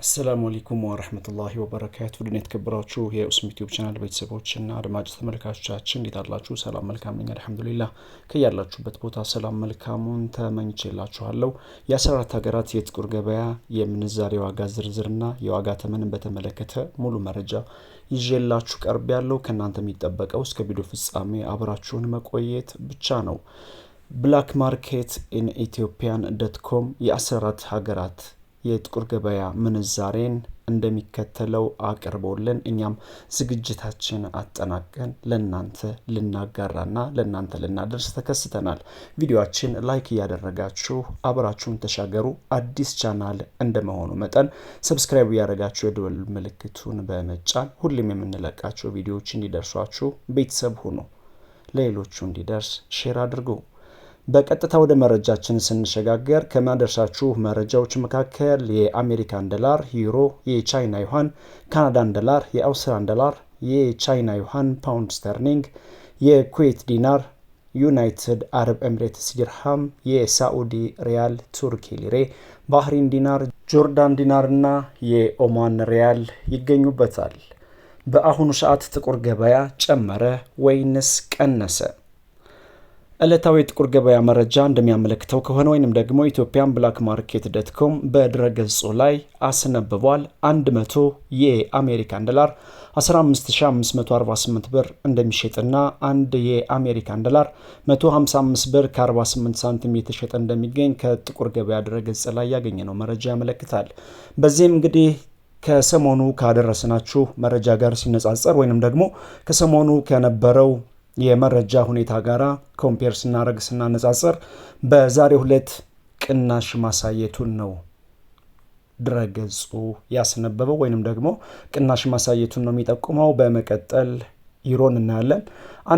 አሰላሙ አለይኩም ወረህመቱላሂ ወበረካቱ ድን የተከበራችሁ የኡስም ዩቲዩብ ቻናል ቤተሰቦች እና አድማጭ ተመልካቾቻችን እንዴት አላችሁ? ሰላም መልካም ነኝ አልሐምዱሊላህ። ከያላችሁበት ቦታ ሰላም መልካሙን ተመኝቼላችኋለሁ። የአስራ አራት ሀገራት የጥቁር ገበያ የምንዛሬ ዋጋ ዝርዝርና የዋጋ ተመንን በተመለከተ ሙሉ መረጃ ይዤላችሁ ቀርብ ያለው ከእናንተ የሚጠበቀው እስከ ቪዲዮ ፍጻሜ አብራችሁን መቆየት ብቻ ነው። ብላክ ማርኬት ኢን ኢትዮጵያን ዶት ኮም የአስራ አራት ሀገራት የጥቁር ገበያ ምንዛሬን እንደሚከተለው አቅርቦልን እኛም ዝግጅታችን አጠናቀን ለእናንተ ልናጋራና ለእናንተ ልናደርስ ተከስተናል። ቪዲዮችን ላይክ እያደረጋችሁ አብራችሁን ተሻገሩ። አዲስ ቻናል እንደመሆኑ መጠን ሰብስክራይብ እያደረጋችሁ የደወል ምልክቱን በመጫን ሁሌም የምንለቃቸው ቪዲዮዎች እንዲደርሷችሁ ቤተሰብ ሁኑ። ለሌሎቹ እንዲደርስ ሼር አድርጉ። በቀጥታ ወደ መረጃችን ስንሸጋገር ከማደርሳችሁ መረጃዎች መካከል የአሜሪካን ዶላር፣ ዩሮ፣ የቻይና ዩሃን፣ ካናዳን ዶላር፣ የአውስትራን ዶላር፣ የቻይና ዩሃን፣ ፓውንድ ስተርሊንግ፣ የኩዌት ዲናር፣ ዩናይትድ አረብ ኤምሬትስ ዲርሃም፣ የሳዑዲ ሪያል፣ ቱርኪ ሊሬ፣ ባህሪን ዲናር፣ ጆርዳን ዲናር እና የኦማን ሪያል ይገኙበታል። በአሁኑ ሰዓት ጥቁር ገበያ ጨመረ ወይንስ ቀነሰ? ዕለታዊ የጥቁር ገበያ መረጃ እንደሚያመለክተው ከሆነ ወይንም ደግሞ ኢትዮጵያን ብላክ ማርኬት ዶትኮም በድረገጹ ላይ አስነብቧል 100 የአሜሪካን ዶላር 15548 ብር እንደሚሸጥና አንድ የአሜሪካን ዶላር 155 ብር ከ48 ሳንቲም የተሸጠ እንደሚገኝ ከጥቁር ገበያ ድረገጽ ላይ ያገኘነው መረጃ ያመለክታል። በዚህም እንግዲህ ከሰሞኑ ካደረስናችሁ መረጃ ጋር ሲነጻጸር ወይንም ደግሞ ከሰሞኑ ከነበረው የመረጃ ሁኔታ ጋር ኮምፔር ስናደረግ ስናነጻጽር በዛሬው ዕለት ቅናሽ ማሳየቱን ነው ድረገጹ ያስነበበው ወይንም ደግሞ ቅናሽ ማሳየቱን ነው የሚጠቁመው። በመቀጠል ዩሮን እናያለን።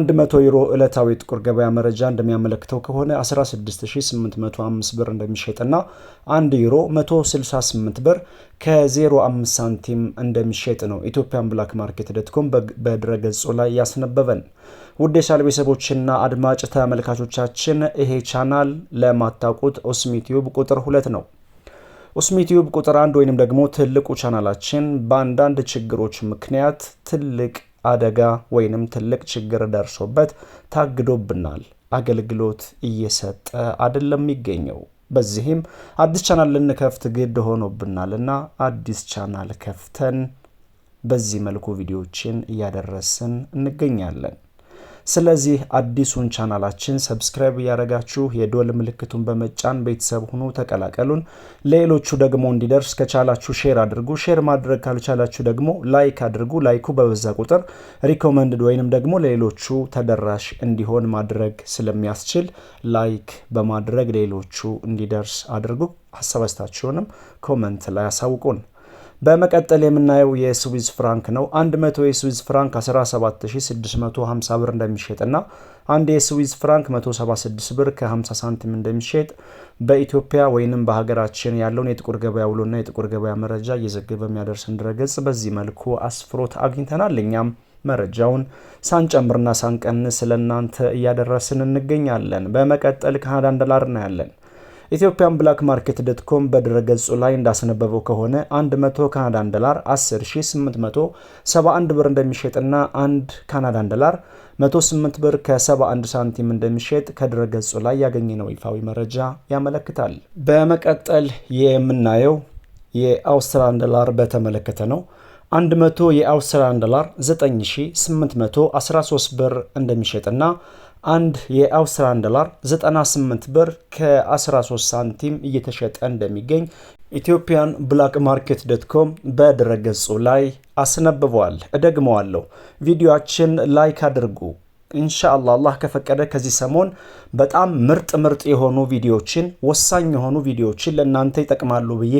100 ዩሮ ዕለታዊ ጥቁር ገበያ መረጃ እንደሚያመለክተው ከሆነ 16805 ብር እንደሚሸጥና 1 ዩሮ 168 ብር ከ05 ሳንቲም እንደሚሸጥ ነው ኢትዮጵያን ብላክ ማርኬት ዶትኮም በድረገጹ ላይ ያስነበበን። ውድ የቻናል ቤተሰቦችና አድማጭ ተመልካቾቻችን ይሄ ቻናል ለማታውቁት ኦስሚ ቁጥር ሁለት ነው። ኦስሚ ቁጥር አንድ ወይንም ደግሞ ትልቁ ቻናላችን በአንዳንድ ችግሮች ምክንያት ትልቅ አደጋ ወይንም ትልቅ ችግር ደርሶበት ታግዶብናል፣ አገልግሎት እየሰጠ አይደለም የሚገኘው። በዚህም አዲስ ቻናል ልንከፍት ግድ ሆኖብናል እና አዲስ ቻናል ከፍተን በዚህ መልኩ ቪዲዮዎችን እያደረስን እንገኛለን። ስለዚህ አዲሱን ቻናላችን ሰብስክራይብ እያደረጋችሁ የዶል ምልክቱን በመጫን ቤተሰብ ሁኑ፣ ተቀላቀሉን። ሌሎቹ ደግሞ እንዲደርስ ከቻላችሁ ሼር አድርጉ። ሼር ማድረግ ካልቻላችሁ ደግሞ ላይክ አድርጉ። ላይኩ በበዛ ቁጥር ሪኮመንድድ ወይንም ደግሞ ለሌሎቹ ተደራሽ እንዲሆን ማድረግ ስለሚያስችል ላይክ በማድረግ ሌሎቹ እንዲደርስ አድርጉ። ሀሳብ ኮመንት ላይ አሳውቁን። በመቀጠል የምናየው የስዊዝ ፍራንክ ነው። 100 የስዊዝ ፍራንክ 17650 ብር እንደሚሸጥና አንድ የስዊዝ ፍራንክ 176 ብር ከ50 ሳንቲም እንደሚሸጥ በኢትዮጵያ ወይንም በሀገራችን ያለውን የጥቁር ገበያ ውሎና የጥቁር ገበያ መረጃ እየዘገበ የሚያደርሰን ድረገጽ በዚህ መልኩ አስፍሮት አግኝተናል። እኛም መረጃውን ሳንጨምርና ሳንቀንስ ለእናንተ እያደረስን እንገኛለን። በመቀጠል ካናዳን ዶላር እናያለን። ኢትዮጵያን ብላክ ማርኬት ዶት ኮም በድረገጹ ላይ እንዳስነበበው ከሆነ 100 ካናዳን ዶላር 10871 ብር እንደሚሸጥና 1 ካናዳን ዶላር 108 ብር ከ71 ሳንቲም እንደሚሸጥ ከድረገጹ ላይ ያገኘነው ይፋዊ መረጃ ያመለክታል። በመቀጠል የምናየው የአውስትራሊያን ዶላር በተመለከተ ነው። 100 የአውስትራሊያን ዶላር 9813 ብር እንደሚሸጥና አንድ የአውስትራን ዶላር 98 ብር ከ13 ሳንቲም እየተሸጠ እንደሚገኝ ኢትዮጵያን ብላክ ማርኬት ዶት ኮም በድረገጹ ላይ አስነብበዋል። እደግመዋለሁ፣ ቪዲዮችን ላይክ አድርጉ። ኢንሻአላ አላህ ከፈቀደ ከዚህ ሰሞን በጣም ምርጥ ምርጥ የሆኑ ቪዲዮዎችን ወሳኝ የሆኑ ቪዲዮዎችን ለእናንተ ይጠቅማሉ ብዬ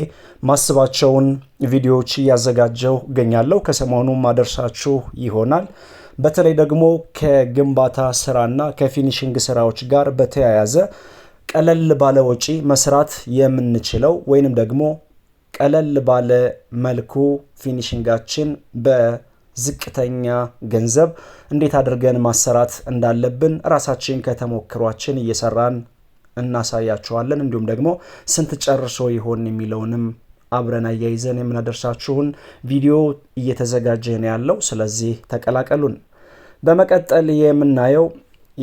ማስባቸውን ቪዲዮዎች እያዘጋጀው እገኛለሁ። ከሰሞኑ ማደርሳችሁ ይሆናል። በተለይ ደግሞ ከግንባታ ስራና ከፊኒሽንግ ስራዎች ጋር በተያያዘ ቀለል ባለ ወጪ መስራት የምንችለው ወይንም ደግሞ ቀለል ባለ መልኩ ፊኒሽንጋችን በዝቅተኛ ገንዘብ እንዴት አድርገን ማሰራት እንዳለብን ራሳችን ከተሞክሯችን እየሰራን እናሳያቸዋለን። እንዲሁም ደግሞ ስንት ጨርሶ ይሆን የሚለውንም አብረን አያይዘን የምናደርሳችሁን ቪዲዮ እየተዘጋጀን ያለው። ስለዚህ ተቀላቀሉን። በመቀጠል የምናየው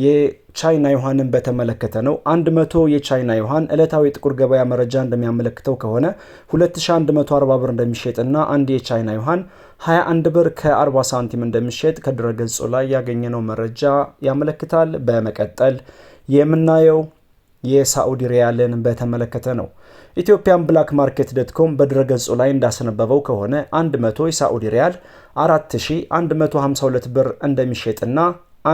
የቻይና ዩሃንን በተመለከተ ነው። 100 የቻይና ዩሃን ዕለታዊ ጥቁር ገበያ መረጃ እንደሚያመለክተው ከሆነ 2140 ብር እንደሚሸጥና አንድ የቻይና ዩሃን 21 ብር ከ40 ሳንቲም እንደሚሸጥ ከድረገጹ ላይ ያገኘነው መረጃ ያመለክታል። በመቀጠል የምናየው የሳዑዲ ሪያልን በተመለከተ ነው። ኢትዮጵያን ብላክ ማርኬት ዶትኮም በድረገጹ ላይ እንዳስነበበው ከሆነ 100 የሳዑዲ ሪያል 4152 ብር እንደሚሸጥና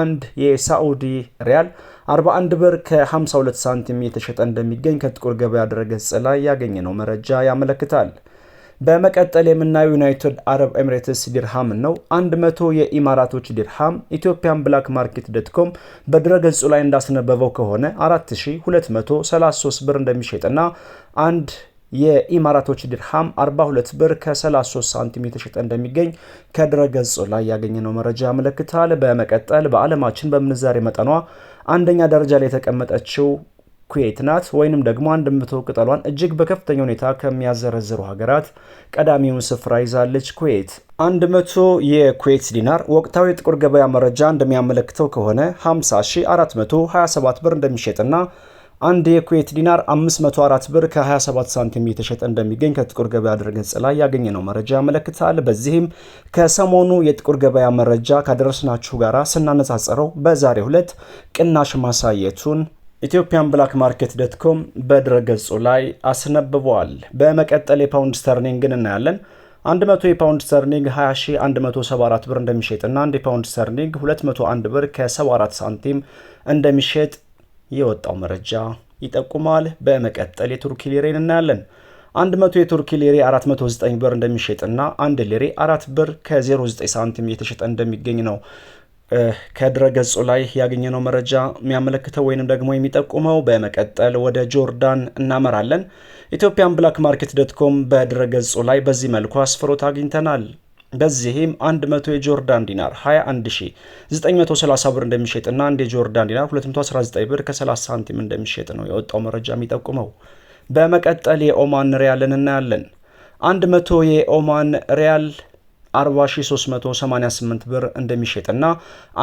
አንድ የሳዑዲ ሪያል 41 ብር ከ52 ሳንቲም የተሸጠ እንደሚገኝ ከጥቁር ገበያ ድረገጽ ላይ ያገኘነው መረጃ ያመለክታል። በመቀጠል የምናየው ዩናይትድ አረብ ኤምሬትስ ዲርሃም ነው። 100 የኢማራቶች ዲርሃም ኢትዮጵያን ብላክ ማርኬት ዶትኮም በድረገጹ ላይ እንዳስነበበው ከሆነ 4233 ብር እንደሚሸጥና አንድ የኢማራቶች ድርሃም 42 ብር ከ33 ሳንቲም የተሸጠ እንደሚገኝ ከድረገጹ ላይ ያገኘነው መረጃ ያመለክታል። በመቀጠል በዓለማችን በምንዛሬ መጠኗ አንደኛ ደረጃ ላይ የተቀመጠችው ኩዌት ናት ወይንም ደግሞ አንድ መቶ ቅጠሏን እጅግ በከፍተኛ ሁኔታ ከሚያዘረዝሩ ሀገራት ቀዳሚውን ስፍራ ይዛለች ኩዌት። 100 የኩዌት ዲናር ወቅታዊ የጥቁር ገበያ መረጃ እንደሚያመለክተው ከሆነ 50427 ብር እንደሚሸጥና አንድ የኩዌት ዲናር 504 ብር ከ27 ሳንቲም የተሸጠ እንደሚገኝ ከጥቁር ገበያ ድረገጽ ላይ ያገኘነው መረጃ ያመለክታል። በዚህም ከሰሞኑ የጥቁር ገበያ መረጃ ካደረስናችሁ ጋራ ስናነጻጸረው በዛሬው ዕለት ቅናሽ ማሳየቱን ኢትዮጵያን ብላክ ማርኬት ዶት ኮም በድረገጹ ላይ አስነብበዋል። በመቀጠል የፓውንድ ስተርሊንግን እናያለን። 100 የፓውንድ ስተርሊንግ 20174 ብር እንደሚሸጥና 1 የፓውንድ ስተርሊንግ 201 ብር ከ74 ሳንቲም እንደሚሸጥ የወጣው መረጃ ይጠቁማል። በመቀጠል የቱርኪ ሊሬን እናያለን። 100 የቱርኪ ሊሬ 409 ብር እንደሚሸጥና 1 ሊሬ 4 ብር ከ09 ሳንቲም እየተሸጠ እንደሚገኝ ነው ከድረ ገጹ ላይ ያገኘነው መረጃ የሚያመለክተው ወይንም ደግሞ የሚጠቁመው። በመቀጠል ወደ ጆርዳን እናመራለን። ኢትዮጵያን ብላክ ማርኬት ዶት ኮም በድረ ገጹ ላይ በዚህ መልኩ አስፍሮት አግኝተናል። በዚህም 100 የጆርዳን ዲናር 21930 ብር እንደሚሸጥና አንድ የጆርዳን ዲናር 219 ብር ከ30 ሳንቲም እንደሚሸጥ ነው የወጣው መረጃ የሚጠቁመው። በመቀጠል የኦማን ሪያልን እናያለን። 100 የኦማን ሪያል 40388 ብር እንደሚሸጥና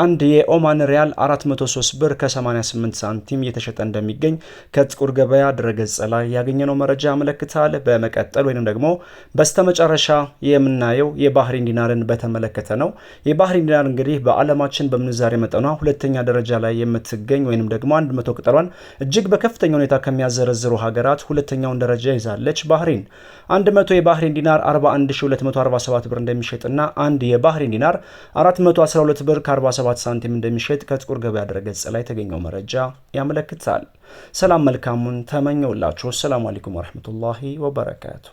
አንድ የኦማን ሪያል 403 ብር ከ88 ሳንቲም እየተሸጠ እንደሚገኝ ከጥቁር ገበያ ድረገጽ ላይ ያገኘነው መረጃ ያመለክታል። በመቀጠል ወይም ደግሞ በስተመጨረሻ የምናየው የባህሪን ዲናርን በተመለከተ ነው። የባህሪን ዲናር እንግዲህ በዓለማችን በምንዛሬ መጠኗ ሁለተኛ ደረጃ ላይ የምትገኝ ወይም ደግሞ 100 ቅጠሏን እጅግ በከፍተኛ ሁኔታ ከሚያዘረዝሩ ሀገራት ሁለተኛውን ደረጃ ይዛለች። ባህሪን 100 የባህሪን ዲናር 41247 ብር እንደሚሸጥ እንደሚሸጥና አንድ የባህሬን ዲናር 412 ብር ከ47 ሳንቲም እንደሚሸጥ ከጥቁር ገበያ ድረገጽ ላይ የተገኘው መረጃ ያመለክታል። ሰላም መልካሙን ተመኘውላችሁ። አሰላሙ አለይኩም ወረህመቱላሂ ወበረካቱ።